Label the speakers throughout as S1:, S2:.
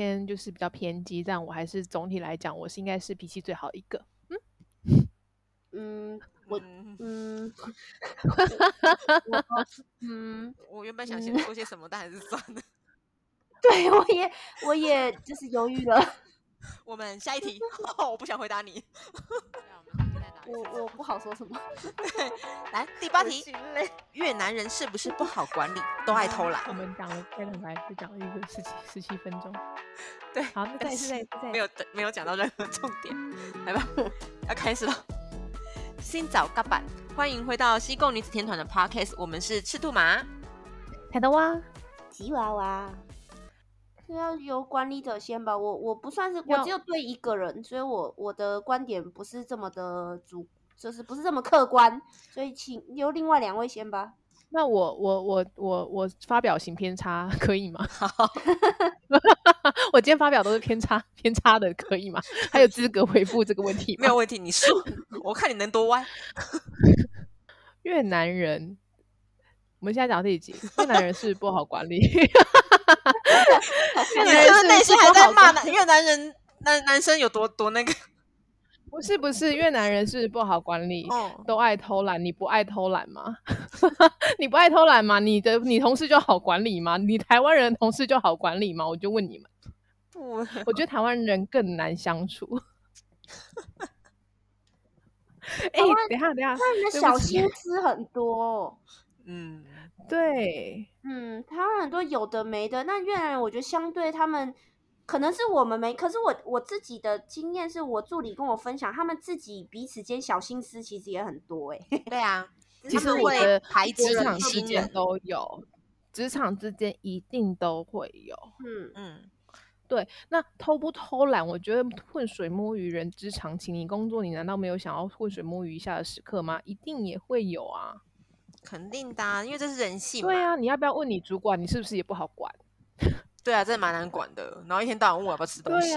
S1: 天就是比較偏激，但我還是總體來講，我是應該是脾氣最好一個。嗯
S2: 嗯，我嗯， 我我嗯我，我原本想先說些
S3: 什麼，嗯、但還是算了。
S2: 對我也，我也就是猶豫了。
S3: 我們下一題， Oh, 我不想回答你。
S2: 我我不好說什麼。對 來第八題，
S1: 越南人是不是不好管理，嗯、都愛偷懶？我們講了開頭還是講一個十七十七分鐘，
S3: 對，好，那再再再沒有沒有講到任何重點，嗯、來吧，要開始了。Xin chào các bạn，歡迎回到西貢女子天團的 Podcast，我們是赤兔馬、
S2: 台德哇、吉娃娃。要由管理者先吧，我我不算是，要我只有對一個人，所以我我的觀點不是這麼的主，就是不是這麼客觀，所以請由另外兩位先吧。
S1: 那我我我我我發表型偏差可以嗎？好， 我今天發表都是偏差偏差的，可以嗎？還有資格回復這個問題？ 沒有問題，你
S2: 說，
S3: 我看你能多歪。
S1: 越南人，我們現在講第幾集？越南人是不好管理。 越南人是不是內心還在罵
S3: 人男男生有多多那個？
S1: 不是不是，越南人是不，是不好管理，哦、都愛偷懶。你不愛偷懶嗎？ 你不愛偷懶嗎？你的女同事就好管理嗎？你台灣人同事就好管理嗎？我就問你們。不了，我覺得台灣人更難相處。哎，
S2: 等一下，等一下，你的小心思很多。嗯。對，嗯，他們很多有的沒的。那越南人，我覺得相對他們，可能是我們沒。可是我我自己的經驗是，我助理跟我分享，他們自己彼此間小心思其實也很多哎、欸。對啊，其實排我的職場新人
S1: 都有，職場之間一定都會有。嗯嗯，
S2: 嗯對，
S1: 那偷不偷懶，我覺得混水摸魚人之常情。請你工作，你難道沒有想要混水摸魚一下的時刻嗎？一定也會有啊。肯定的、啊，因為這是人性嘛。對啊，你要不要問你主管，你是不是也不好管？
S3: 對啊，這蠻難管的。然後一天到晚問我要不要吃東西。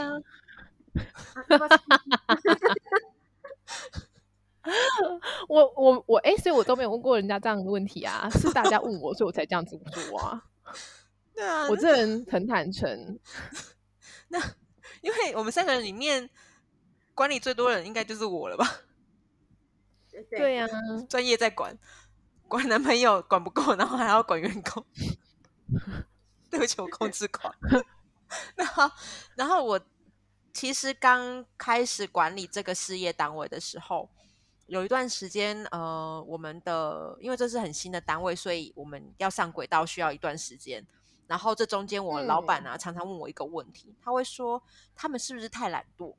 S1: 我我我哎、欸，所以我都沒有問過人家這樣的問題啊，是大家問我， 所以我才這樣子做啊。對啊，我這人很坦誠。
S3: 那，那因為我們三個人裡面管理最多人，應該就是我了吧？
S1: 對呀、啊，
S3: 專業在管。我男朋友管不夠，然後還要管員工， 對不起，我控制狂。那 好，然後我其實剛開始管理這個事業單位的時候，有一段時間，呃，我們的，因為這是很新的單位，所以我們要上軌道需要一段時間。然後這中間，我老闆啊、嗯、常常問我一個問題，他會說：“他們是不是太懶惰？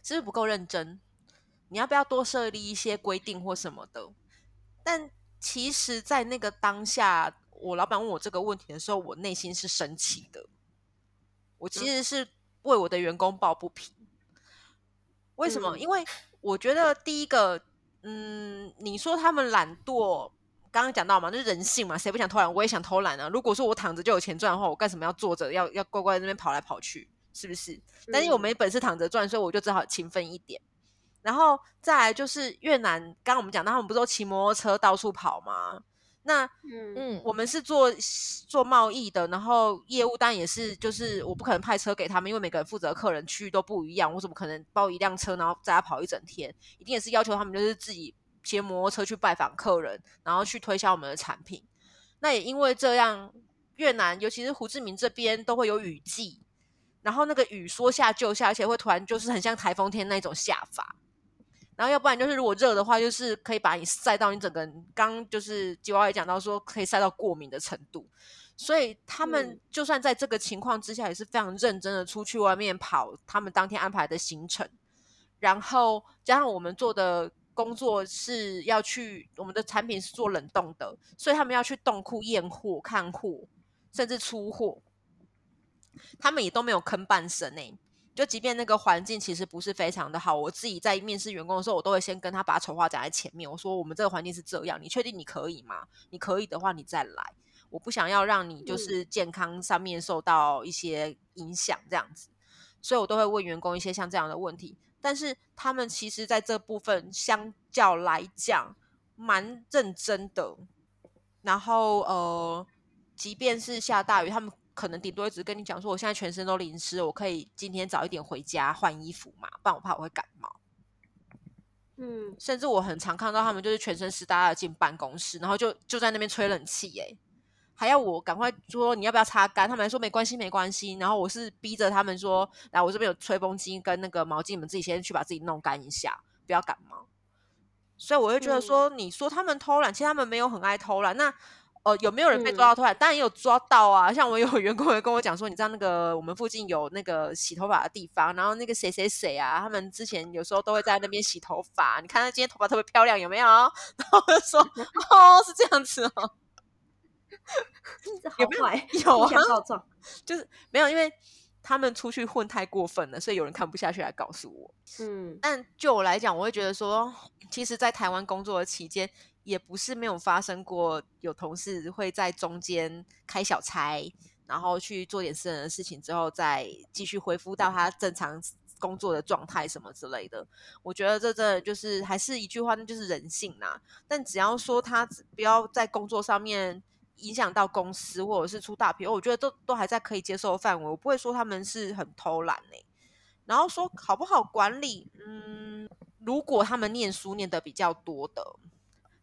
S3: 是不是不夠認真？你要不要多設立一些規定或什麼的？”但其實，在那個當下，我老板問我這個問題的時候，我內心是生氣的。我其實是為我的員工抱不平。嗯、為什麼？因為我覺得第一個，嗯，你說他們懶惰，剛剛講到嘛，就是人性嘛，誰不想偷懶？我也想偷懶啊。如果說我躺着就有錢賺的話，我幹什麼要坐着，要要乖乖在那邊跑來跑去，是不是？但是我沒本事躺着賺，所以我就只好勤奮一點。然後再來就是越南，剛剛我們講到，他們不是都騎摩托車到處跑嗎？那嗯，我們是做做貿易的，然後業務單也是，就是我不可能派車給他們，因為每個人負責客人區域都不一樣，我怎麼可能包一輛車然後載他跑一整天？一定也是要求他們就是自己騎摩托車去拜訪客人，然後去推銷我們的產品。那也因為這樣，越南尤其是胡志明這邊都會有雨季，然後那個雨說下就下，而且會突然就是很像台風天那種下法。然後要不然就是，如果熱的話，就是可以把你曬到你整個剛就是吉娃娃講到說可以曬到過敏的程度，所以他們就算在這個情況之下，也是非常認真的出去外面跑他們當天安排的行程，然後加上我們做的工作是要去，我們的產品是做冷凍的，所以他們要去凍庫驗貨、看貨，甚至出貨，他們也都沒有吭半聲哎、欸。就即便那個環境其實不是非常的好，我自己在面試員工的時候，我都會先跟他把醜話講在前面。我說我們這個環境是這樣，你確定你可以嗎？你可以的話，你再來。我不想要讓你就是健康上面受到一些影響這樣子，嗯。所以我都會問員工一些像這樣的問題。但是他們其實在這部分相較來講蠻認真的。然後呃，即便是下大雨，他們。可能頂多只是跟你講說，我現在全身都淋濕，我可以今天早一點回家換衣服嘛，不然我怕我會感冒。
S2: 嗯，
S3: 甚至我很常看到他們就是全身濕噠噠進辦公室，然後就就在那邊吹冷氣，哎，還要我趕快說你要不要擦乾？他們還說沒關係沒關係。然後我是逼着他們說，來，我這邊有吹風機跟那個毛巾，你們自己先去把自己弄乾一下，不要感冒。所以我就覺得說，嗯、你說他們偷懶，其實他們沒有很愛偷懶，那。哦、有沒有人被抓到偷拍，當然、嗯、有抓到啊！像我有員工會跟我講說，你知道那個我們附近有那個洗頭髮的地方，然後那個誰誰誰啊，他們之前有時候都會在那邊洗頭髮。你看他今天頭髮特別漂亮，有沒有？然後我就說， 哦，是這樣子哦、啊。好 有沒有？有啊。告狀就是沒有，因為他們出去混太過分了，所以有人看不下去來告訴我。嗯，但就我來講，我會覺得說，其實，在台灣工作的期間。也不是沒有發生過，有同事會在中間開小差，然後去做點私人的事情，之後再繼續恢復到他正常工作的狀態什麼之類的。我覺得這這就是還是一句話，那就是人性啦。但只要說他不要在工作上面影響到公司，或者是出大紕，我覺得都都還在可以接受的範圍。我不會說他們是很偷懶哎、欸，然後說好不好管理？
S2: 嗯，
S3: 如果他們念書念得比較多的，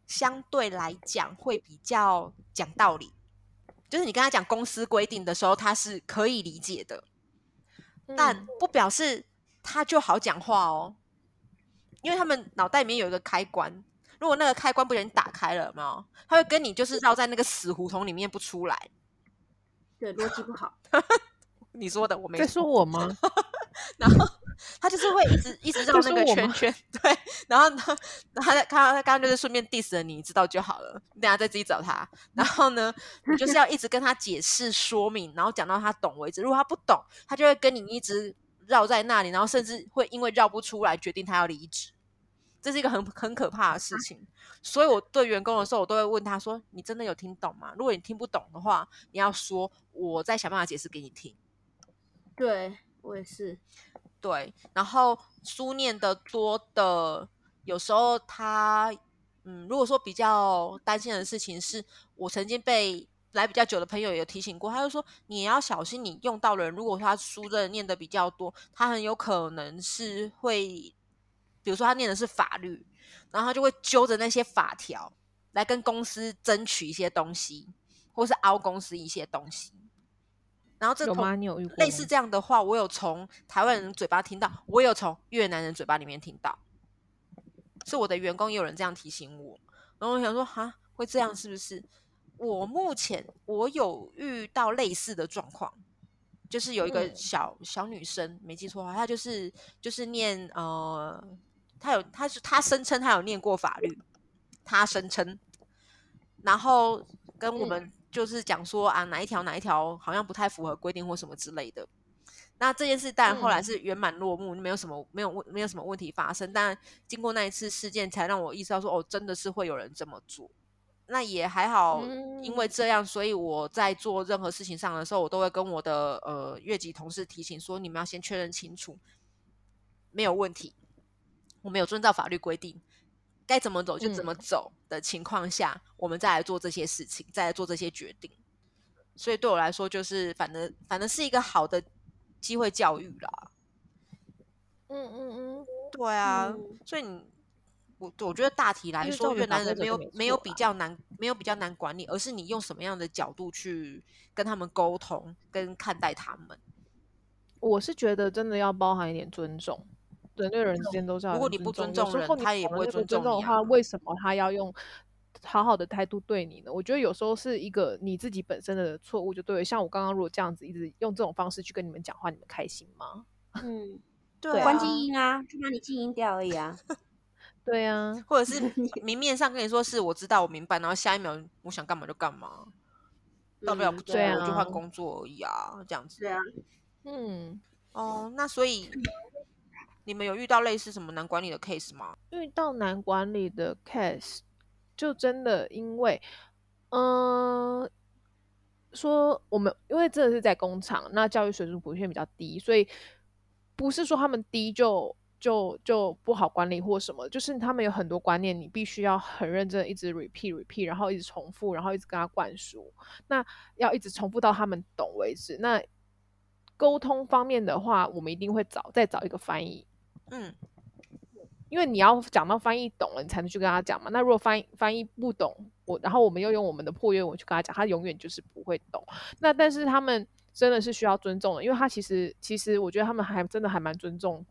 S3: 相對來講會比較講道理，就是你跟他講公司規定的時候，他是可以理解的，但不表示他就好講話哦，嗯、因為他們腦袋裡面有一個開關，如果那個開關不小心打開了嘛，他會跟你就是繞在那個死胡同裡面不出來，
S2: 對，邏輯不
S3: 好。 你說的我沒在說我嗎？ 然後 他就是會一直一直繞那個圈圈，對。然後呢，然後他他他剛剛就是順便 diss 了你，你知道就好了。你等下再自己找他。然後呢，你就是要一直跟他解釋 說明，然後講到他懂為止。如果他不懂，他就會跟你一直繞在那裡，然後甚至會因為繞不出來，決定他要離職。這是一個很很可怕的事情。啊、所以我對員工的時候，我都會問他說：“你真的有聽懂嗎？”如果你聽不懂的話，你要說：“我再想辦法解釋給你聽。對”對我也是。對，然後書念得多的，有時候他，嗯，如果說比較擔心的事情是，我曾經被來比較久的朋友也有提醒過，他就說，你要小心你用到的人，如果他書真的念得比較多，他很有可能是會，比如說他念的是法律，然後他就會揪着那些法條來跟公司爭取一些東西，或是凹公司一些東西。然後這類似這樣的話，我有從台灣人嘴巴聽到，我有從越南人嘴巴裡面聽到，是我的員工也有人這樣提醒我，然後我想說啊，會這樣是不是？嗯、我目前我有遇到類似的狀況，就是有一個小、嗯、小女生，沒記錯的話，她就是就是念呃，她有她是她聲稱她有念過法律，嗯、她聲稱，然後跟我們。嗯就是講說啊，哪一條哪一條好像不太符合規定或什麼之類的。那這件事，當然後來是圓滿落幕，嗯、沒有什麼沒有問，沒有什麼問題發生。但經過那一次事件，才讓我意識到說，哦，真的是會有人這麼做。那也還好，因為這樣，嗯、所以我在做任何事情上的時候，我都會跟我的呃越籍同事提醒說，你們要先確認清楚，沒有問題，我沒有遵照法律規定。該怎麼走就怎麼走的情況下，嗯、我們再來做這些事情，再來做這些決定。所以對我來說，就是反正反正是一個好的機會教育啦。嗯嗯嗯，嗯嗯對啊。嗯、所以你我我覺得大體來說，我覺越南人沒有沒有比較難，沒有比較難管理，而是你用什麼樣的角度去跟他們溝通，跟看待他們。
S1: 我是覺得真的要包含一點尊重。對那個、人對人之間都這樣，如果你不尊重人，他也不會尊重你、啊、為什麼他要用好好的態度對你呢？我覺得有時候是一個你自己本身的錯誤就對了。像我剛剛如果這樣子一直用這種方式去跟你們講話，你們開心嗎？嗯，對，關靜音
S2: 啊，就把你靜音掉而已啊。
S3: 對啊，對啊 對啊 或者是明面上跟你說是我知道我明白，然後下一秒我想幹嘛就幹嘛，大不了不做了、啊，就換工作而已啊，這樣子。對啊，嗯，哦，那所以。你們有遇到類似什麼難管理的
S1: case 嗎？遇到難管理的 case，就真的因為，嗯、呃，說我們因為這是在工廠，那教育水準普遍比較低，所以不是說他們低就就就不好管理或什麼，就是他們有很多觀念，你必須要很認真一直 repeat repeat，然後一直重複，然後一直跟他灌輸，那要一直重複到他們懂為止。那溝通方面的話，我們一定會找再找一個翻譯。嗯，因為你要講到翻譯懂了，你才能去跟他講嘛。那如果翻譯翻譯不懂，我然後我們又用我們的破越文去跟他講，他永遠就是不會懂。那但是他們真的是需要尊重的，因為他其實其實我覺得他們還真的還蠻尊重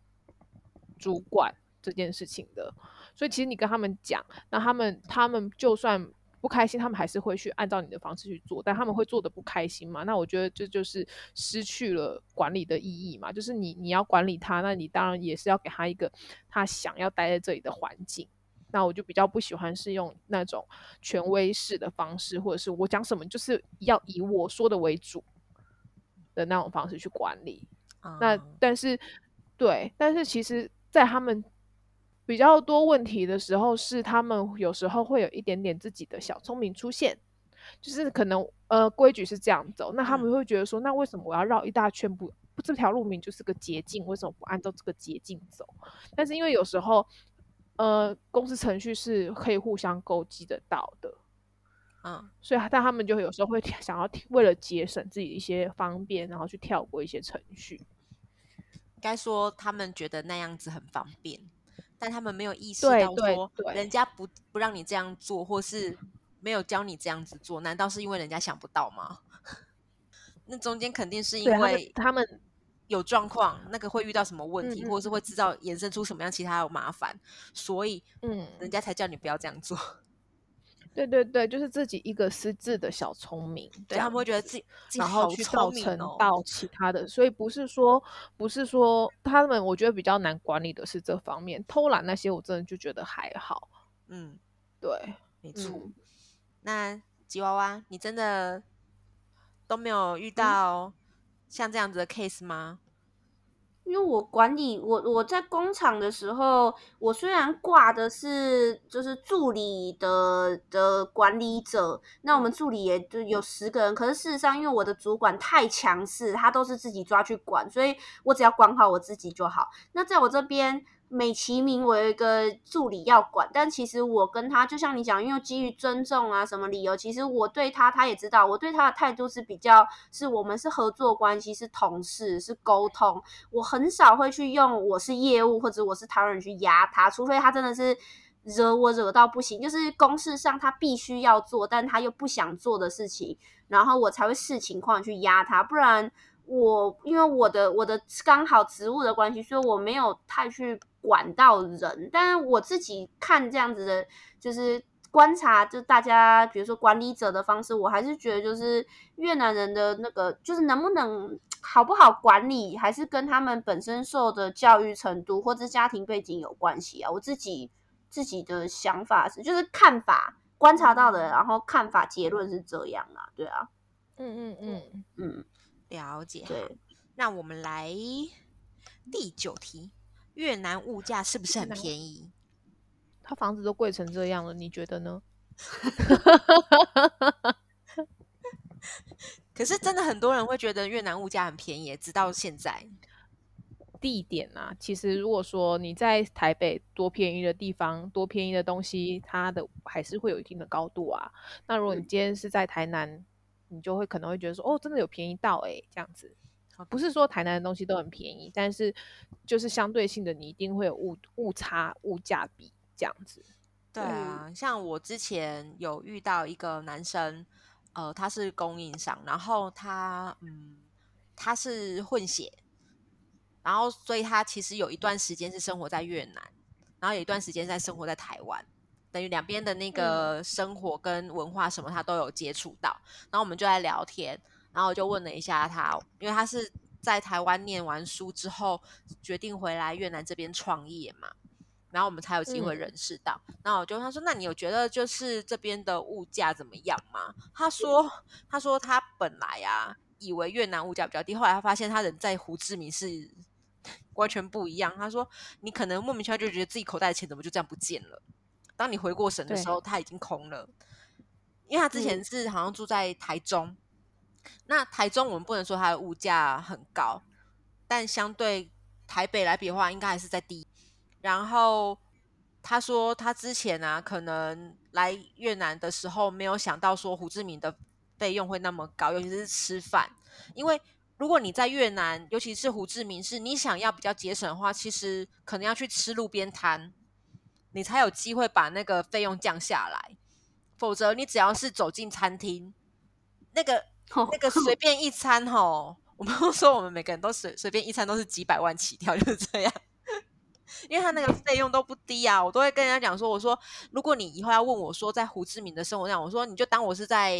S1: 主管這件事情的。所以其實你跟他們講，那他們他們就算。不開心，他們還是會去按照你的方式去做，但他們會做得不開心嘛。那我覺得這就是失去了管理的意義嘛。就是你你要管理他，那你當然也是要給他一個他想要待在這裡的環境。那我就比較不喜歡是用那種權威式的方式，或者是我講什麼就是要以我說的為主的那種方式去管理。嗯、那但是對，但是其實，在他們。比較多問題的時候，是他們有時候會有一點點自己的小聰明出現，就是可能呃規矩是這樣走，那他們會覺得說，那為什麼我要繞一大圈不不這條路明就是個捷徑，為什麼不按照這個捷徑走？但是因為有時候呃公司程序是可以互相勾稽得到的，嗯，所以但他們就有時候會想要為了節省自己一些方便，然後去跳過一些程序。該說他們覺得那樣子很方便。但
S3: 他們沒有意識到說，人家不不讓你這樣做，或是沒有教你這樣子做，難道是因為人家想不到嗎？ 那中間肯定是因為他們有狀況，那個會遇到什麼問題，嗯、或者是會製造衍生出什麼樣其他有麻煩，所以嗯，人家才叫你不要這樣做。嗯
S1: 對對對，就是自己一個私自的小聰明，對，他們會覺得自己，自己、哦、然後去造成到其他的，所以不是說不是說他們，我覺得比較難管理的是這方面，偷懶那些我真的就覺得還好。嗯，
S3: 對，沒錯。嗯、那吉娃娃，你真的都沒有遇到像這樣子的
S2: case 嗎？嗯因為我管理我我在工廠的時候，我雖然掛的是就是助理的的管理者，那我們助理也就有十個人，可是事實上，因為我的主管太強勢，他都是自己抓去管，所以我只要管好我自己就好。那在我這邊。美其名為一個助理要管，但其實我跟他就像你講，因為基於尊重啊什麼理由，其實我對他，他也知道我對他的態度是比較，是我們是合作關係，是同事，是溝通，我很少會去用我是業務或者我是他人去壓他，除非他真的是惹我惹到不行，就是公事上他必須要做，但他又不想做的事情，然後我才會視情況去壓他，不然。我因為我的我的剛好職務的關係，所以我沒有太去管到人。但是我自己看這樣子的，就是觀察，就大家比如說管理者的方式，我還是覺得就是越南人的那個，就是能不能好不好管理，還是跟他們本身受的教育程度或者家庭背景有關係啊。我自己自己的想法是，就是看法觀察到的，然後看法結論是這樣啊，對啊，嗯嗯嗯嗯。嗯了解。
S3: 對，那我們來第九題：越南物價是不是很便宜？
S1: 他房子都貴成這樣了，你覺得呢？
S3: 可是真的很多人會覺得越南物價很便宜，直
S1: 到現在。地點啊，其實如果說你在台北多便宜的地方，多便宜的東西，它的還是會有一定的高度啊。那如果你今天是在台南，嗯你就會可能會覺得說，哦，真的有便宜到哎、欸，這樣子，不是說台南的東西都很便宜，嗯、但是就是相對性的，你一定會有誤誤差、物價比這樣子。
S3: 對啊，對像我之前有遇到一個男生，呃，他是供應商，然後他嗯，他是混血，然後所以他其實有一段時間是生活在越南，然後有一段時間在生活在台灣。嗯等於兩邊的那個生活跟文化什麼，他都有接觸到。嗯、然後我們就在聊天，然後我就問了一下他，因為他是在台灣念完書之後決定回來越南這邊創業嘛，然後我們才有機會認識到。嗯、然後我就他說：“那你有覺得就是這邊的物價怎麼樣嗎？”他說：“他說他本來啊以為越南物價比較低，後來他發現他人在胡志明市完全不一樣。”他說：“你可能莫名其妙就覺得自己口袋的錢怎麼就這樣不見了。”當你回過神的時候，他對已經空了，因為他之前是好像住在台中，嗯、那台中我們不能說它的物價很高，但相對台北來比的話，應該還是在低。然後他說他之前啊，可能來越南的時候沒有想到說胡志明的費用會那麼高，尤其是吃飯，因為如果你在越南，尤其是胡志明市，你想要比較節省的話，其實可能要去吃路邊攤。你才有機會把那個費用降下來，否則你只要是走進餐廳，那個那個隨便一餐吼，我們都說，我們每個人都隨隨便一餐都是幾百萬起跳，就是這樣。 因為他那個費用都不低啊，我都會跟人家講說，我說如果你以後要問我說在胡志明的生活上，我說你就當我是在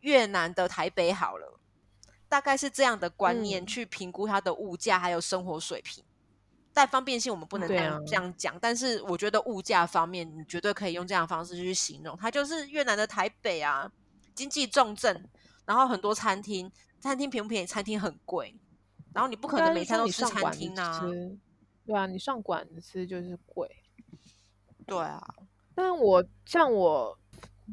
S3: 越南的台北好了，大概是這樣的觀念、嗯、去評估它的物價還有生活水平。但方便性我們不能這樣講，嗯啊、但是我覺得物價方面，你絕對可以用這樣的方式去形容，它就是越南的台北啊，經濟重鎮，然後很多餐廳，餐廳便不便宜？餐廳很貴，
S1: 然後你不可能每餐都吃餐廳啊，你吃對啊，你上館子吃就是貴，對啊，但是我像我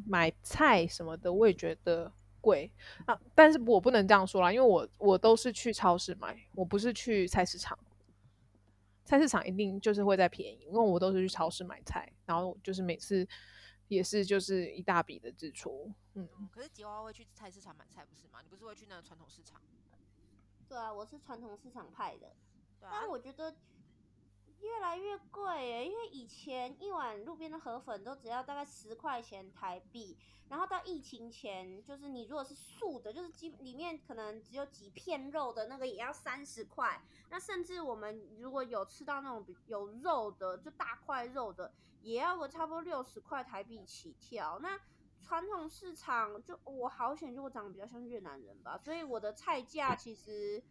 S1: 買菜什麼的，我也覺得貴啊，但是我不能這樣說啦，因為我我都是去超市買，我不是去菜市場。菜市場一定就是會再便宜，因為我都是去超市買菜，然後就是每次也是就是一大筆的支出。嗯，
S3: 嗯，可是吉娃娃會去菜市場買菜不是嗎？你不是會去那個傳統市場？
S2: 對啊，我是傳統市場派的，對啊、但我覺得。越來越貴欸，因為以前一碗路邊的河粉都只要大概十塊錢台幣，然後到疫情前，就是你如果是素的，就是幾裡面可能只有幾片肉的那個也要三十塊，那甚至我們如果有吃到那種有肉的，就大塊肉的，也要個差不多六十塊台幣起跳。那傳統市場就我好險，就我長得比較像越南人吧，所以我的菜價其實。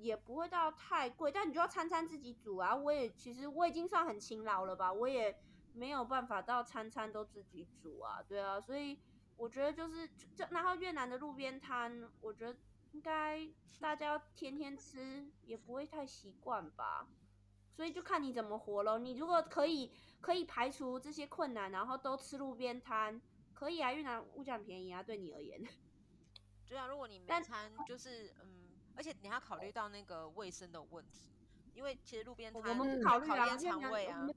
S2: 也不會到太貴，但你就要餐餐自己煮啊！我也其實我已經算很勤勞了吧，我也沒有辦法到餐餐都自己煮啊，對啊，所以我覺得就是就然後越南的路邊攤，我覺得應該大家天天吃也不會太習慣吧，所以就看你怎麼活嘍。你如果可以可以排除這些困難，然後都吃路邊攤，可以啊，越南物價很便宜啊，對你而言，對啊，如果你
S3: 沒但就是嗯。
S2: 而且你要考慮到那個衛生的問題，oh.
S3: 因為其實路邊攤我們不考慮到路邊
S2: 啊，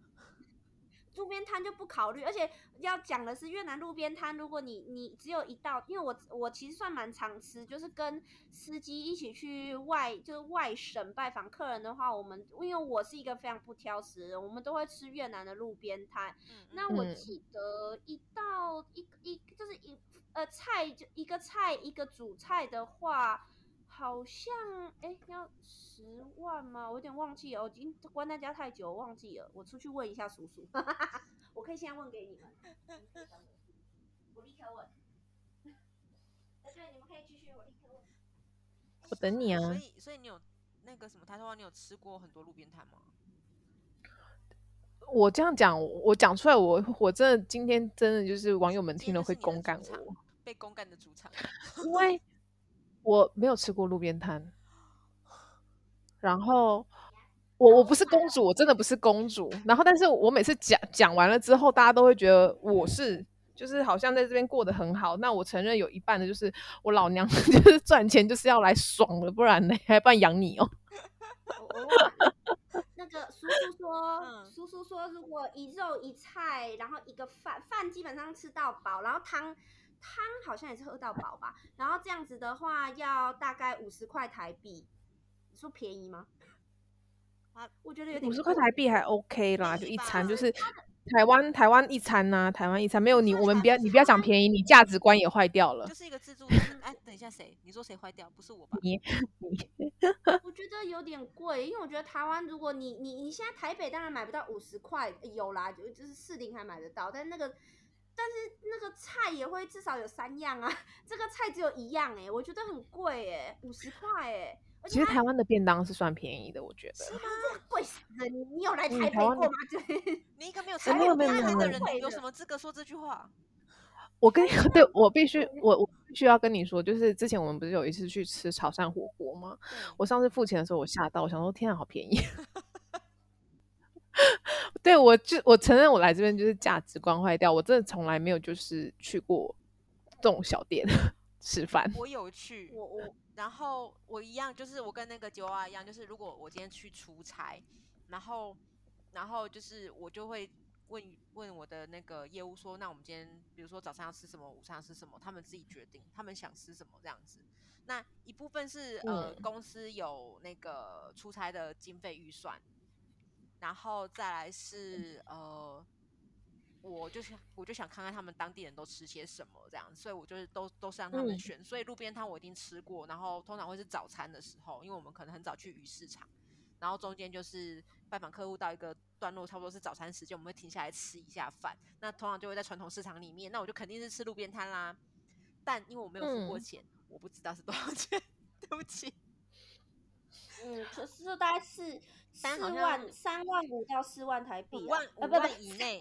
S2: 路邊攤就不考慮。而且要講的是，越南路邊攤，如果你你只有一道，因為我我其實算蠻常吃，就是跟司機一起去外就是外省拜訪客人的話，我們因為我是一個非常不挑食的人，我們都會吃越南的路邊攤。嗯、那我記得一道、嗯、一道一,一就是一呃菜就一個菜一個主菜的話。好像哎、欸，要十萬嗎？我有點忘記哦，我已經關在家太久，忘記了。我出去問一下叔叔。 我可以現在問
S1: 給你們。我立刻問。對，你們可以繼續。
S2: 我立刻問。我等你啊。所以，所
S3: 以你有那個什麼他說？你有吃過很多路邊攤嗎？
S1: 我這樣講，我講出來我，我我真的今天真的就是網友們聽了會公幹我，
S3: 被公幹的主場，
S1: 我沒有吃過路邊攤，然後我我不是公主，我真的不是公主。然後，但是我每次講講完了之後，大家都會覺得我是，就是好像在這邊過得很好。那我承認有一半的，就是我老娘就是賺錢就是要來爽了，不然呢，要不然養你哦、喔。 Oh, oh.
S2: 那個叔叔說，uh. 叔叔說，如果一肉一菜，然後一個飯飯基本上吃到飽，然後湯。湯好像也是喝到飽吧，然後這樣子的話要大概五十塊台幣，你說便宜嗎？啊，我覺得五十塊台幣
S1: 還 OK 啦，就一餐是吧就是台灣台灣一餐吶、啊，台灣一餐沒有你，我們不要你不要講便宜，你價值觀也壞掉了。就是
S2: 一個自助餐，哎、啊，等一下誰？你說誰壞掉？不是我吧？你 我覺得有點貴，因為我覺得台灣如果你你你現在台北當然買不到五十塊，有啦，就是四零還買得到，但那個。但是那個菜也會至少有三樣啊，這個菜只有一樣哎、欸，我覺得很貴哎、欸，五十塊
S1: 哎。其實台灣的便當是算便宜的，我覺得。是
S2: 嗎？貴死你，你有來台北過嗎？你，對你一
S3: 個沒有台北，台北，沒有台北的人，的你有什麼資格說這句話？
S1: 我跟對，我必須，我我必須要跟你說，就是之前我們不是有一次去吃潮汕火鍋嗎？對我上次付錢的時候，我嚇到，我想說，天啊，好便宜！ 對，我就我承認，我來這邊就是價值觀壞掉。我真的從來沒有就是去過這種小店吃飯。我
S3: 有去，我我然後我一樣，就是我跟那個九娃一樣，就是如果我今天去出差，然後然後就是我就會問問我的那個業務說，那我們今天比如說早上要吃什麼，午餐要吃什麼，他們自己決定，他們想吃什麼這樣子。那一部分是、嗯、呃公司有那個出差的經費預算。然後再來是呃，我就是我就想看看他們當地人都吃些什麼這樣，所以我就是都都是讓他們選。嗯、所以路邊攤我一定吃過，然後通常會是早餐的時候，因為我們可能很早去魚市場，然後中間就是拜訪客戶到一個段落，差不多是早餐時間，我們會停下來吃一下飯。那通常就會在傳統市場裡面，那我就肯定是吃路邊攤啦。
S2: 但因為我沒有付過錢，
S3: 嗯、我不知道是多少錢， 對不起。 嗯，
S2: 可是大概是。三萬三萬五到四萬台幣，萬呃，不，萬以內，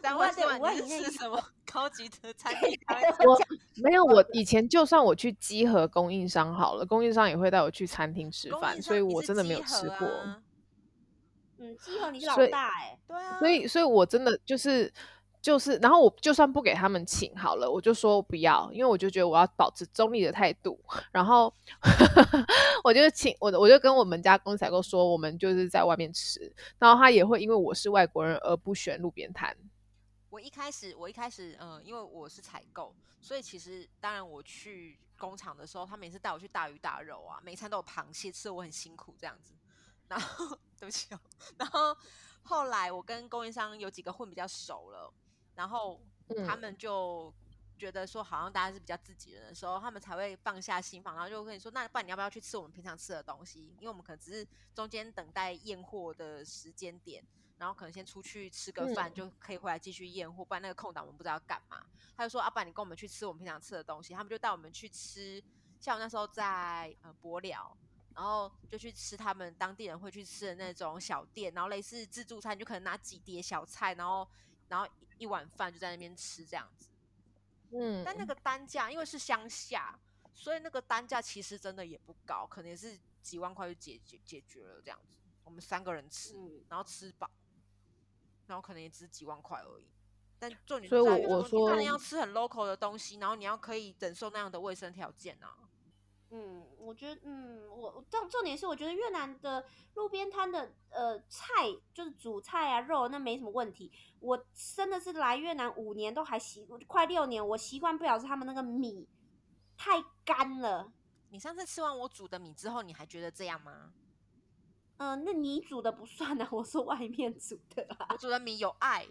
S2: 三萬到五萬以內是什麼高級的餐廳？我
S1: 沒有，我以前就算我去集合供應商好了，供應商也會帶我去餐廳吃飯，所以我真的沒有吃過。嗯，集合你
S2: 是老大哎。對啊，所
S1: 以所以，我真的就是。就是，然後我就算不給他們請好了，我就說我不要，因為我就覺得我要保持中立的態度。然後， 我就請我，我就跟我們家公司採購說，我們就是在外面吃，然後他也會因為我是外國人而不選路邊攤。
S3: 我一開始，我一開始，嗯、呃，因為我是採購，所以其實當然我去工廠的時候，他每次帶我去大魚大肉啊，每餐都有螃蟹吃，吃我很辛苦這樣子。然後，對不起哦。然後後來我跟供應商有幾個混比較熟了。然後他們就覺得說，好像大家是比較自己人的時候，他們才會放下心防。然後就跟你說，那不然你要不要去吃我們平常吃的東西？因為我們可能只是中間等待驗貨的時間點，然後可能先出去吃個飯就可以回來繼續驗貨。不然那個空檔我們不知道要幹嘛。他就說，阿、啊、爸你跟我們去吃我們平常吃的東西。他們就帶我們去吃，像我那時候在呃薄寮，然後就去吃他們當地人會去吃的那種小店，然後類似自助餐，就可能拿幾碟小菜，然後。然後一,一碗飯就在那邊吃這樣子，
S1: 嗯，但那個
S3: 單價因為是鄉下，所以那個單價其實真的也不高，可能也是幾萬塊就解決解，解決了這樣子，我們三個人吃，嗯，然後吃飽，然後可能也只是幾萬塊而已。
S2: 但重點在於，我說，你可能要
S3: 吃很 local 的東西，然後你要可以忍受那樣的衛生條件啊。
S2: 嗯，我覺得，嗯，我重重點是，我覺得越南的路邊攤的呃菜，就是煮菜啊、肉，那沒什麼問題。我真的是來越南五年都還習，快六年我習慣不了是他們那個米太乾了。你上次吃完我煮的米之後，你還覺得這樣嗎？嗯，那你煮的不算呢啊，我是外面煮的啊。我煮的米有愛，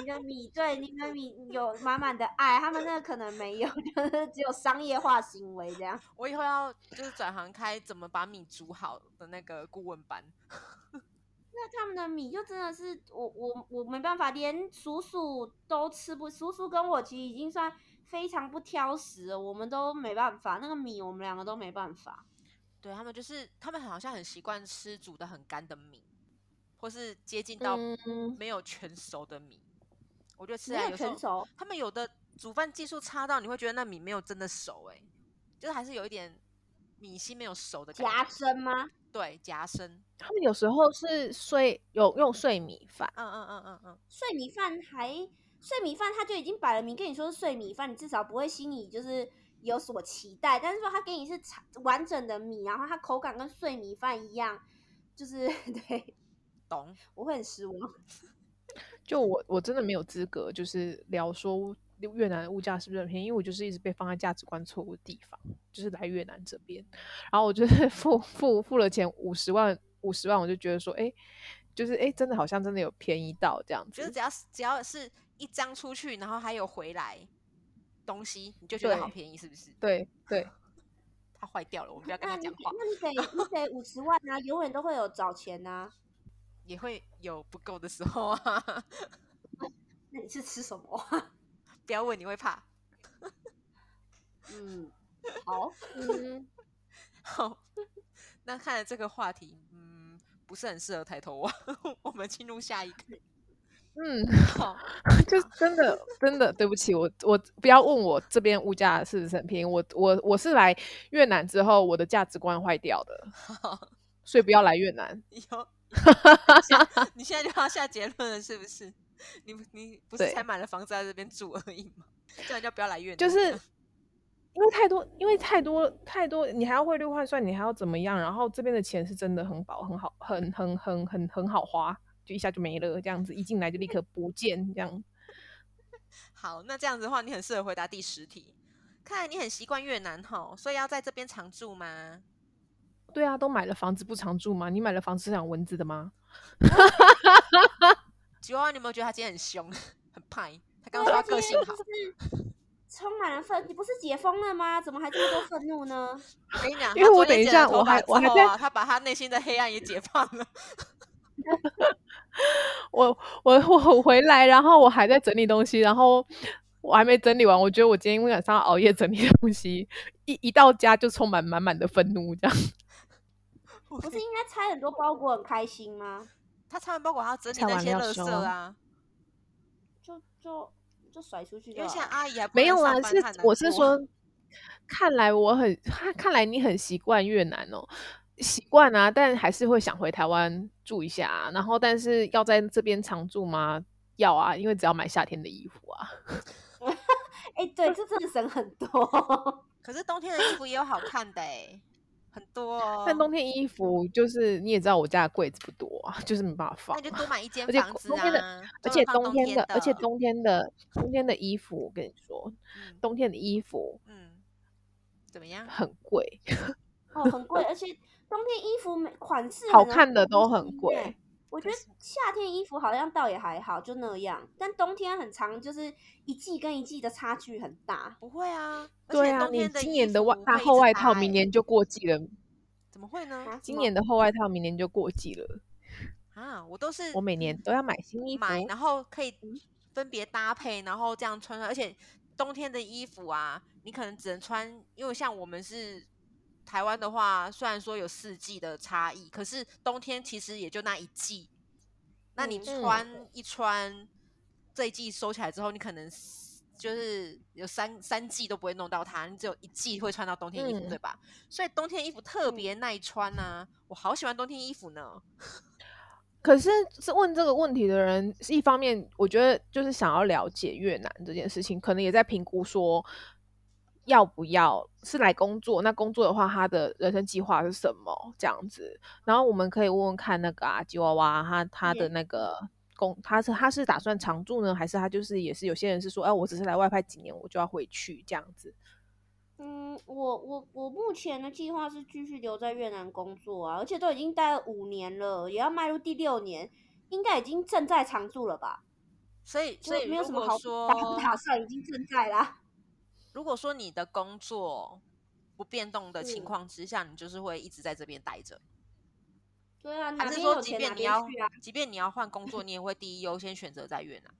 S2: 你的米對，你的米有滿滿的愛，他們那可能沒有，就是只有商業化行為這樣。我以後要就是轉行開
S3: 怎麼把米煮好的那個顧問班。
S2: 那他們的米就真的是，我我我沒辦法，連叔叔都吃不，叔叔跟我其實已經算非常不挑食了，我們都沒辦法，那個米我們兩個都沒辦法。
S3: 對，他們就是，他們好像很習慣吃煮得很乾的米，或是接近到沒有全熟的米。嗯、我覺得吃起來有時有熟。他們有的煮飯技術差到你會覺得那米沒有真的熟，欸，哎，就是還是有一點米心沒有熟
S2: 的感覺。夾生嗎？對，夾生。
S1: 他們有時候是碎，有用碎米飯。嗯
S2: 嗯嗯嗯嗯，碎，碎米飯還碎米飯，他就已經擺明了跟你說是碎米飯，你至少不會心裡就是，有所期待，但是說他給你是完整的米，然後它口感跟碎米飯一樣，就是對，懂，我會很失望。
S1: 就我我真的沒有資格，就是聊說越南的物價是不是很便宜，因為我就是一直被放在價值觀錯誤的地方，就是來越南這邊，然後我就是付付付了錢五十萬五十萬，萬我就覺得說，哎、欸，就是哎、欸，真的好像真的有便宜到這樣子，就是只
S3: 要只要是一張出去，然後還有回來。
S2: 東西你就覺得好便宜，對是不是？
S1: 對對，它壞掉了，我
S2: 們不要跟他講話那。那你得你得五十萬啊，永遠都會有找錢啊，也會有不夠
S3: 的時候啊。那你是吃什麼？不要問，你會怕。嗯，好，嗯好。那看來這個話題，嗯，不是很適合抬頭望。 我們進入下一個。嗯，
S1: 好、哦， 就真的真的對不起，我我不要問我這邊物價是不是很便宜，我我我是來越南之後，我的價值觀壞掉的，哦、所以不要來越南。哈哈哈，你
S2: 現在就要
S3: 下結論了是不是？ 你你不是才買了房子在這邊住而已嗎？叫人家不
S1: 要來越南。就是因為太多，因為太多太多，你還要匯率換算，你還要怎麼樣？然後這邊的錢是真的很薄，很好，很很很很很，很，很好花。一下就沒了，這樣子一進來就立刻不見，這樣。
S3: 好，那這樣子的話，你很適合回答第十題。看來你很習慣越南吼，所以要在這邊常住嗎？
S1: 對啊，都買了房子不常住嗎？你買了房子是養蚊子的嗎？
S3: 吉娃， 你有沒有覺得他今天很凶很怕，他剛剛說他個性
S2: 好，充滿了憤。你不是解封了嗎？怎麼還這麼多憤怒呢？我跟你講，因為我等一下他、啊、我還我還我還把他內心的黑暗也解放了。
S1: 我我我回來，然後我還在整理東西，然後我還沒整理完。我覺得我今天晚上熬夜整理東西，一一到家就充滿滿滿的憤怒，這樣。
S2: 不是應該拆很多包裹很開心嗎？哦，他拆完包裹要整理那些垃圾啊，就就就甩出去就好了。
S3: 就像阿姨啊，沒有啊，是我是說，
S1: 看來我很，他看來你很習慣越南哦，習慣啊，但還是會想回台灣。住一下、啊，然後但是要在這邊常住嗎？要啊，因為只要買夏天的衣服啊。哎、 欸，
S3: 對，這真的省很多。 可是冬天的衣服也有好看的哎、欸， 很多
S1: 哦。但冬天衣服就是你也知道，我家的櫃子不多，就是沒辦法放。那就多買一間房子啊。而且冬天的，天的而且冬天的，而且冬天的，冬天的衣服，我跟你說，嗯、冬天的衣服，嗯，怎麼樣？很貴 哦，
S2: 很貴，而且。冬天衣服沒款式，好看的都很貴。欸、可是我覺得夏天衣服好像倒也還好，就那樣。但冬天很長，就是一季跟一季的差距很大。不會啊，而且冬天的對啊，你今年
S1: 的外大厚外套，明年就過季了。
S3: 怎麼會呢？今年的厚外套
S1: 明年就過季了。啊，我都是我每年都要買新衣服買，然
S3: 後可以分別搭配，然後這樣穿。而且冬天的衣服啊，你可能只能穿，因為像我們是。台灣的話，雖然說有四季的差異，可是冬天其實也就那一季。
S2: 那你穿
S3: 一穿這一季收起來之後，你可能就是有三三季都不會弄到它，你只有一季會穿到冬天衣服，嗯、對吧？所以冬天衣服特別耐穿吶、啊。我好喜歡冬天衣服呢。
S1: 可是是問這個問題的人，一方面我覺得就是想要了解越南這件事情，可能也在評估說。要不要是來工作？那工作的話，他的人生計劃是什麼？這樣子，然後我們可以問問看那個啊吉娃娃，他他的那個工，他是他是打算常住呢，還是他就是也是有些人是說，哎、欸，我只是來外派幾年，我就要回去這樣子。
S2: 嗯，我我我目前的計劃是繼續留在越南工作啊，而且都已經待了五年了，也要邁入第六年，應該已經正在常住了吧？所以所以沒有什麼好說打不打算，已經正在啦。
S3: 如果說你的工作不變動的情況之下，是你就是會一直在這邊待着。對啊，啊
S2: 還是說即便你要，
S3: 即便你要換工作， 你也會第一優先選擇在越南。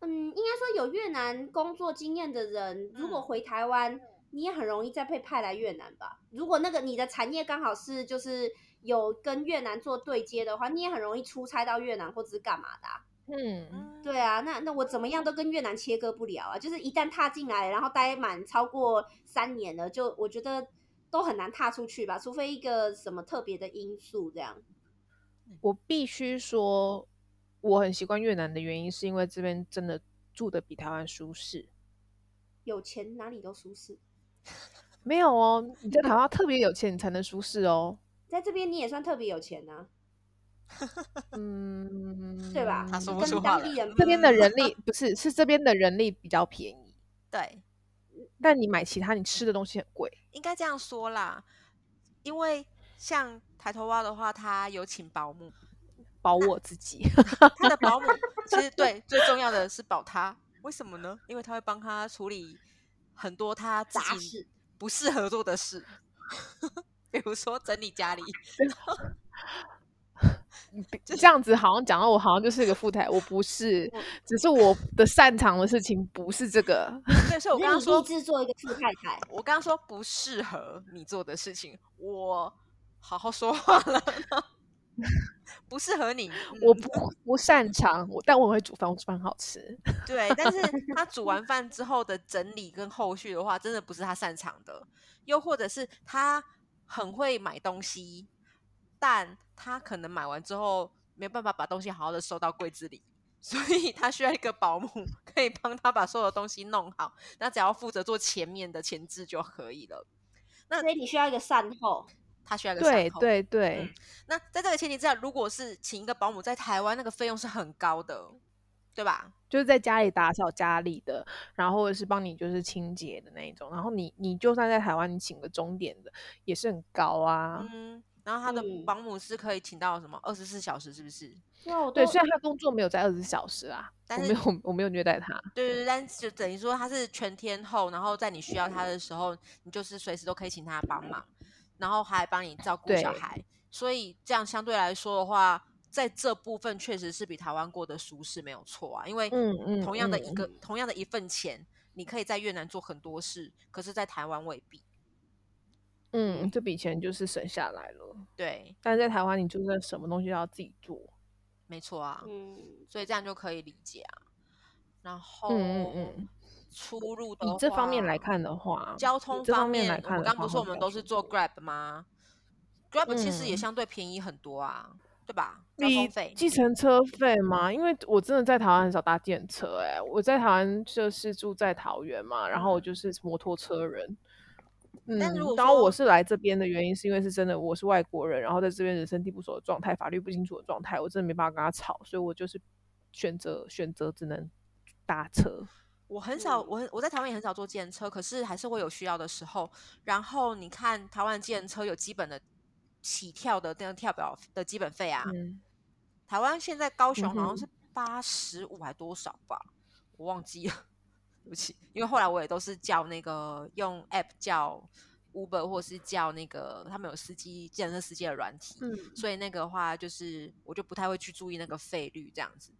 S2: 嗯，應該說有越南工作經驗的人，如果回台灣，嗯、你也很容易再被派來越南吧？如果那個你的產業剛好是就是有跟越南做對接的話，你也很容易出差到越南或者是幹嘛的、啊嗯，對啊，那那我怎麼樣都跟越南切割不了啊！就是一旦踏進來，然後待滿超過三年了，就我覺得都很難踏出去吧，除非一個什麼特別的因素這樣。
S1: 我必須說，我很習慣越南的原因是因為這邊真的住的比台灣舒適，
S2: 有錢哪裡都舒適。
S1: 沒有哦，你在台灣特別有錢你才能舒適哦，
S2: 在這邊你也算特別有錢啊。嗯。 對吧？跟當地人這邊的人力
S1: 不是，是這邊的人力比較便宜。
S3: 對，
S1: 但你買其他，你吃的東西很貴。
S3: 應該這樣說啦，因為像抬頭蛙的話，他有請保姆
S1: 保我自己。他的保姆
S3: 其實對最重要的是保他，為什麼呢？因為他會幫他處理很多他自己不適合做的事，比如說整理家裡。
S1: 這樣子好像講到我好像就是一個富太，我不是，只是我的擅長的事情不是這個。
S3: 但是， 我剛剛說制作一,一個富太太，我剛剛說不適合你做的事情，我好好說話了， 不適合你，嗯、
S1: 我不不擅長，我但我會煮飯，我煮飯很好吃。對，但是
S3: 他煮完飯之後的整理跟後續的話，真的不是他擅長的。又或者是他很會買東西，但。他可能買完之後沒辦法把東西好好的收到櫃子裡，所以他需要一個保姆可以幫他把所有東西弄好。那只要負責做前面的前置就可以了。那所以你需要一個善後，他需要一個善後。對對對。嗯。那在這個前提之下，如果是請一個保姆在台灣，那個費用是很高的，對吧？
S1: 就是在家裡打掃家裡的，然後或者是幫你就是清潔的那一種。然後你你就算在台灣，你請個鐘點的也是很高啊。嗯。
S3: 然後他的保姆是可以請到什麼二十四小時，是不是？哦、
S1: 對，都雖然他的工作沒有在二十四小時啊，但是我沒，我沒有虐待他。
S3: 對對對，但就等於說他是全天候，嗯、然後在你需要他的時候，你就是隨時都可以請他幫忙，然後還幫你照顧小孩。對所以這樣相對來說的話，在這部分確實是比台灣過得舒適，沒有錯啊。因為同樣的一個，嗯嗯、同樣的一份錢，嗯、你可以在越南做很多事，可是在台灣未必。
S1: 嗯，這筆錢就是省下來了。對，但是在台灣，你就算什麼東西都要自己做，沒錯啊。嗯，
S3: 所以這樣就可以理解啊。然後，嗯嗯嗯，嗯出入的，以這方面來
S1: 看的話，交通方面，方面來看的話，我剛不是說我們
S3: 都是坐 Grab 嗎？Grab、嗯、其實也相對便宜很多啊，對吧？交
S1: 通費、計程車費嗎？嗯、因為我真的在台灣很少搭電車、欸，誒。我在台灣就是住在桃園嘛，然後我就是摩托車人。嗯
S2: 嗯，但如果當我是
S1: 來這邊的原因是因為是真的我是外國人，嗯、然後在這邊人生地不熟的狀態，法律不清楚的狀態，我真的沒辦法跟他吵，所以我就是選擇選擇只能搭車。嗯、
S3: 我很少，我我我在台灣也很少坐計程車，可是還是會有需要的時候。然後你看台灣計程車有基本的起跳的這樣、那個、跳表的基本費啊。嗯、台灣現在高雄好像是八十五還多少吧，嗯、哼我忘記了。因為後來我也都是叫那個用 App 叫 Uber 或者是叫那個他們有司機、建設司機的軟體，嗯、所以那個話就是我就不太會去注意那個費率這樣子。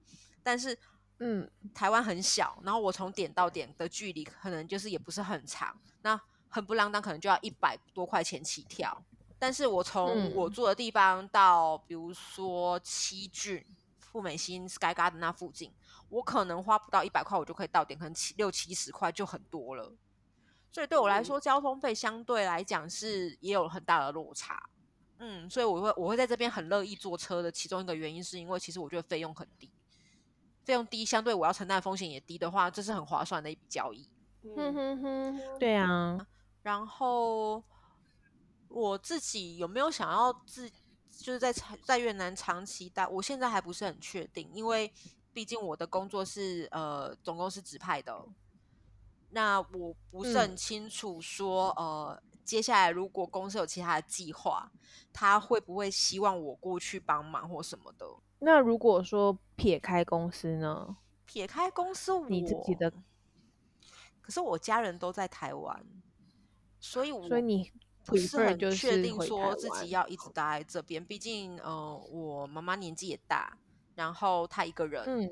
S3: 但是，嗯，台灣很小，然後我從點到點的距離可能就是也不是很長，那很不浪當可能就要一百多塊錢起跳。但是我從我住的地方到比如說七郡、富美興、Sky Garden 那附近。我可能花不到一百塊，我就可以到點，可能七六七十塊就很多了。所以對我來說，嗯、交通費相對來講是也有很大的落差。嗯，所以我會我會在這邊很樂意坐車的其中一個原因是因為其實我覺得費用很低，費用低，相對我要承擔風險也低的話，這是很划算的一筆交易。嗯
S1: 哼哼，嗯、對啊。
S3: 然後我自己有沒有想要自就是在在越南長期待？我現在還不是很確定，因為。畢竟我的工作是呃總公司指派的，那我不是很清楚說、嗯、呃接下來如果公司有其他的計劃，他會不會希望我過去幫忙或什麼的？
S1: 那如果說撇開公司呢？
S3: 撇開公司我，你自己的，可是我家人都在台灣，所以我所以你不是,是很確定說自己要一直待在這邊？畢竟呃我媽媽年紀也大。然後他一個人，嗯、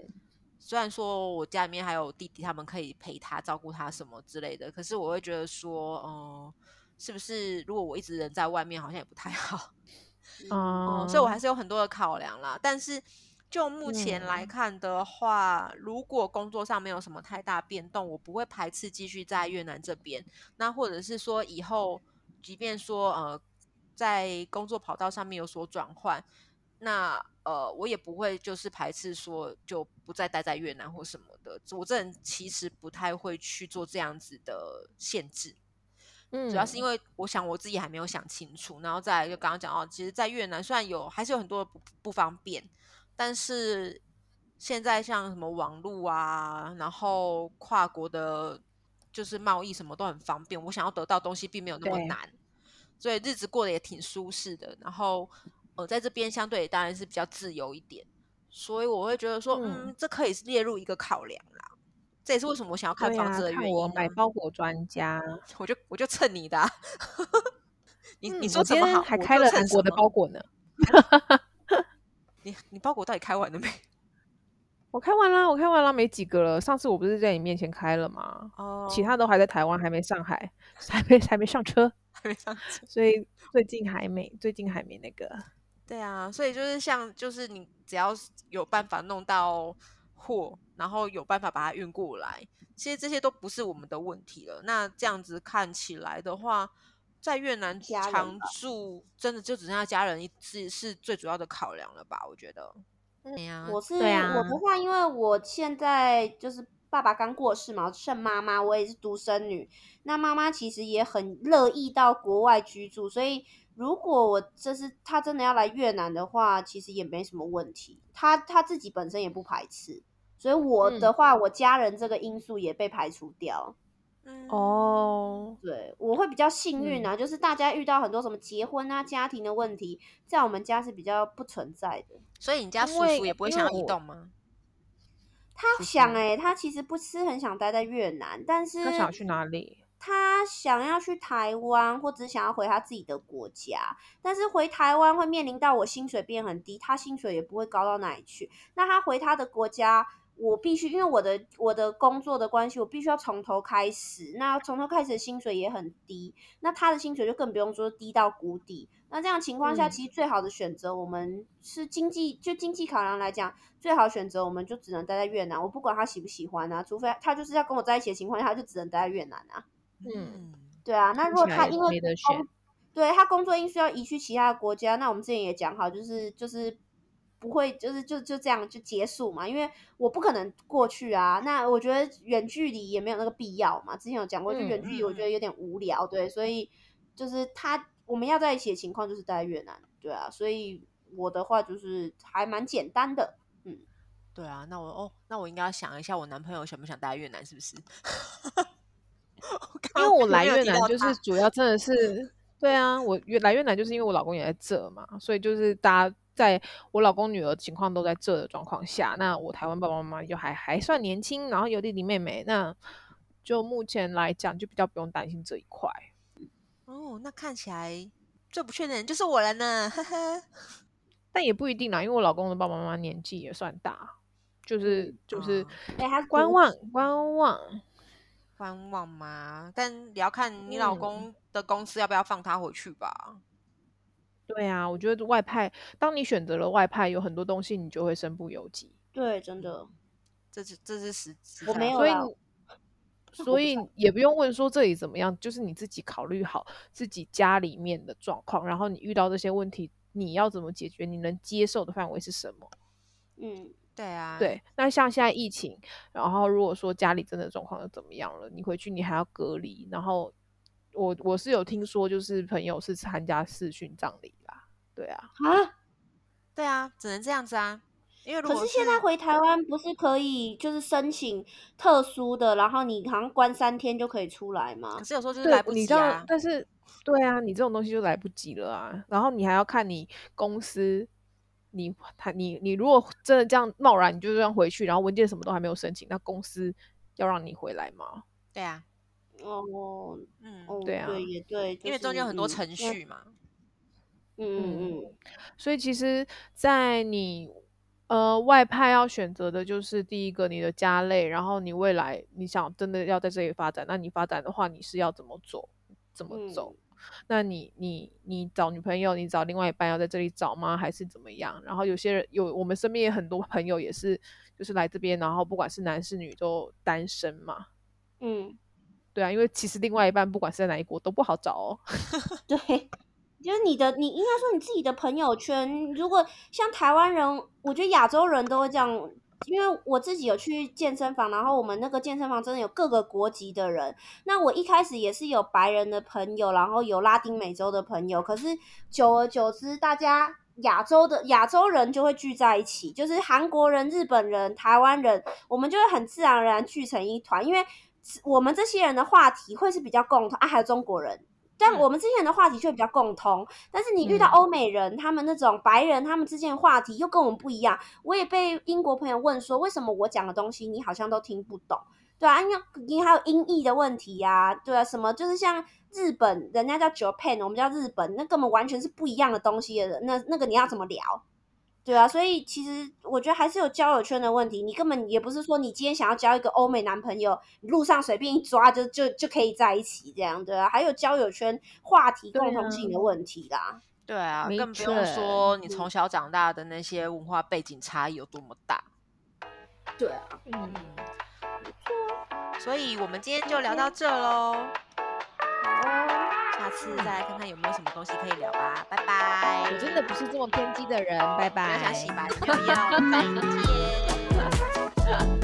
S3: 雖然說我家裡面還有弟弟，他們可以陪他、照顧他什麼之類的，可是我會覺得說，嗯，是不是如果我一直人在外面，好像也不太好，
S1: 哦、嗯嗯，所以我還是有
S3: 很多的考量啦。但是就目前來看的話，嗯、如果工作上沒有什麼太大變動，我不會排斥繼續在越南這邊。那或者是說以後，即便說呃，在工作跑道上面有所轉換。那呃，我也不會就是排斥說就不再待在越南或什麼的。我這人其實不太會去做這樣子的限制，
S1: 嗯，主要是因為
S3: 我想我自己還沒有想清楚。然後再來就剛剛講哦，其實，在越南雖然有還是有很多的不不方便，但是現在像什麼網絡啊，然後跨國的就是貿易什麼都很方便。我想要得到東西並沒有那麼難，對所以日子過得也挺舒適的。然後。我、哦、在這邊相對當然是比較自由一點，所以我會覺得說，嗯，嗯這可以是列入一個考量啦。嗯、這也是為什麼我想要看房子的原因。買、啊、包裹專家，我就我就蹭你的、啊。 你、嗯、你說怎麼好？還開了美國的包
S1: 裹呢。 你
S3: 你包裹到底開完了沒？
S1: 我開完了，我開完了，沒幾個了。上次我不是在你面前開了嗎？哦。其他都還在台灣，還沒上海，還沒還沒上車，還沒上車， 所以最近還沒，最近還沒那個。
S3: 對啊，所以就是像，就是你只要有辦法弄到貨，然後有辦法把它運過來，其實這些都不是我們的問題了。那這樣子看起來的話，在越南常住的真的就只剩下家人是是最主要的考量了吧？我覺得，對
S2: 啊對啊、我是，我不怕，因為我現在就是爸爸剛過世嘛，我剩媽媽，我也是獨生女。那媽媽其實也很樂意到國外居住，所以。如果我就是他真的要來越南的話，其實也沒什麼問題。他他自己本身也不排斥，所以我的話，嗯、我家人這個因素也被排除掉。哦、嗯，對我會比較幸運啊，嗯、就是大家遇到很多什麼結婚啊、家庭的問題，在我們家是比較不存在的。所以你家叔叔也不會想移動嗎？他想哎、欸，他其實不是很想待在越南，但是他想去哪裡？他想要去台灣，或者想要回他自己的國家，但是回台灣會面臨到我薪水變很低，他薪水也不會高到哪裡去。那他回他的國家，我必須因為我的我的工作的關係，我必須要從頭開始。那從頭開始的薪水也很低，那他的薪水就更不用說低到谷底。那這樣情況下，其實最好的選擇，我們是經濟、嗯、就經濟考量來講，最好的選擇我們就只能待在越南。我不管他喜不喜歡啊，除非他就是要跟我在一起的情況下，他就只能待在越南啊。嗯，嗯，對啊，那如果他因為工，對他工作因素要移去其他國家，那我們之前也講好，就是就是不會、就是，就是就就這樣就結束嘛。因為我不可能過去啊。那我覺得遠距離也沒有那個必要嘛。之前有講過，就遠距離我覺得有點無聊。嗯、對，所以就是他我們要在一起的情況就是待在越南。對啊，所以我的話就是還蠻簡單的。嗯，
S3: 對啊，那我哦，那我應該要想一下，我男朋友想不想待在越南，是不是？
S1: 因為我來越南就是主要真的是，對啊，我越來越南就是因為我老公也在這嘛，所以就是大家在我老公女兒情況都在這的狀況下，那我台灣爸爸媽媽就還還算年輕，然後有弟弟妹妹，那就目前來講就比較不用擔心這一塊。
S3: 哦，那看起來最不確
S1: 定就是我了呢，呵呵。但也不一定啦，因為我老公的爸爸媽媽年紀也算大，就是就是，觀望觀望。返網嘛，但
S3: 也要看你老公的公司要不要放他回去吧。
S1: 嗯。對啊，我覺得外派，當你選擇了外派，有很多東西你就會身不由己。
S3: 對，真的，這是這是實，實我沒有啊。所以，
S1: 所以也不用問說這裡怎麼樣，就是你自己考慮好自己家裡面的狀況，然後你遇到這些問題，你要怎麼解決？你能接受的範圍是什麼？嗯。對啊，對，那像現在疫情，然後如果說家裡真的狀況又怎麼樣了，你回去你還要隔離，然後我我是有聽說，就是朋友是參加視訊葬禮啦，對啊，
S2: 蛤啊，對啊，只能這樣子啊，因為如果是，可是現在回台灣不是可以就是申請特殊的，對然後你好像關三天就可以出來嘛？可是有時候就
S1: 是來不及了。啊。但是對啊，你這種東西就來不及了啊，然後你還要看你公司，你他你你如果真的這樣貿然，你就這樣回去，然後文件什麼都還沒有申請，那公司要讓你回來嗎？對啊，哦，嗯，
S3: 對啊，對，對就是、因為中間有很多程序嘛。嗯嗯
S2: 嗯。
S1: 所以其實，在你呃外派要選擇的，就是第一個你的家類，然後你未來你想真的要在這裡發展，那你發展的話，你是要怎麼做，怎麼走？嗯那你你你找女朋友，你找另外一半要在這裡找嗎，還是怎麼樣？然後有些人有我們身邊很多朋友也是，就是來這邊，然後不管是男是女都單身嘛。嗯，對啊，因為其實另外一半不管是在哪一國都不好找哦。
S2: 對，就是你的你應該說你自己的朋友圈，如果像台灣人，我覺得亞洲人都會這樣。因為我自己有去健身房，然後我們那個健身房真的有各個國籍的人。那我一開始也是有白人的朋友，然後有拉丁美洲的朋友。可是久而久之，大家亞洲的亞洲人就會聚在一起，就是韓國人、日本人、台灣人，我們就會很自然而然聚成一團，因為我們這些人的話題會是比較共同，啊，還有中國人。但我們之前的話題卻比較共通，但是你遇到歐美人，嗯、他們那種白人，他們之間的話題又跟我們不一樣。我也被英國朋友問說，為什麼我講的東西你好像都聽不懂？對啊，因為還有音譯的問題呀、啊，對啊，什麼就是像日本，人家叫 Japan，我們叫日本，那根本完全是不一樣的東西。那那個你要怎麼聊？對啊，所以其實我覺得還是有交友圈的問題。你根本也不是說你今天想要交一個歐美男朋友，路上隨便一抓就就就可以在一起這樣，對啊。還有交友圈話題共同性的問題啦。
S3: 對啊，更，沒，不用說你從小長大的那些文化背景差異有多麼大。對啊，嗯，所以我們今天就聊到這嘍。下次再來看看有沒有什麼東西可以聊吧，拜拜。Oh, yeah. 我真的不是這麼偏激的人，拜拜、oh, bye。大家洗白掉， 再見。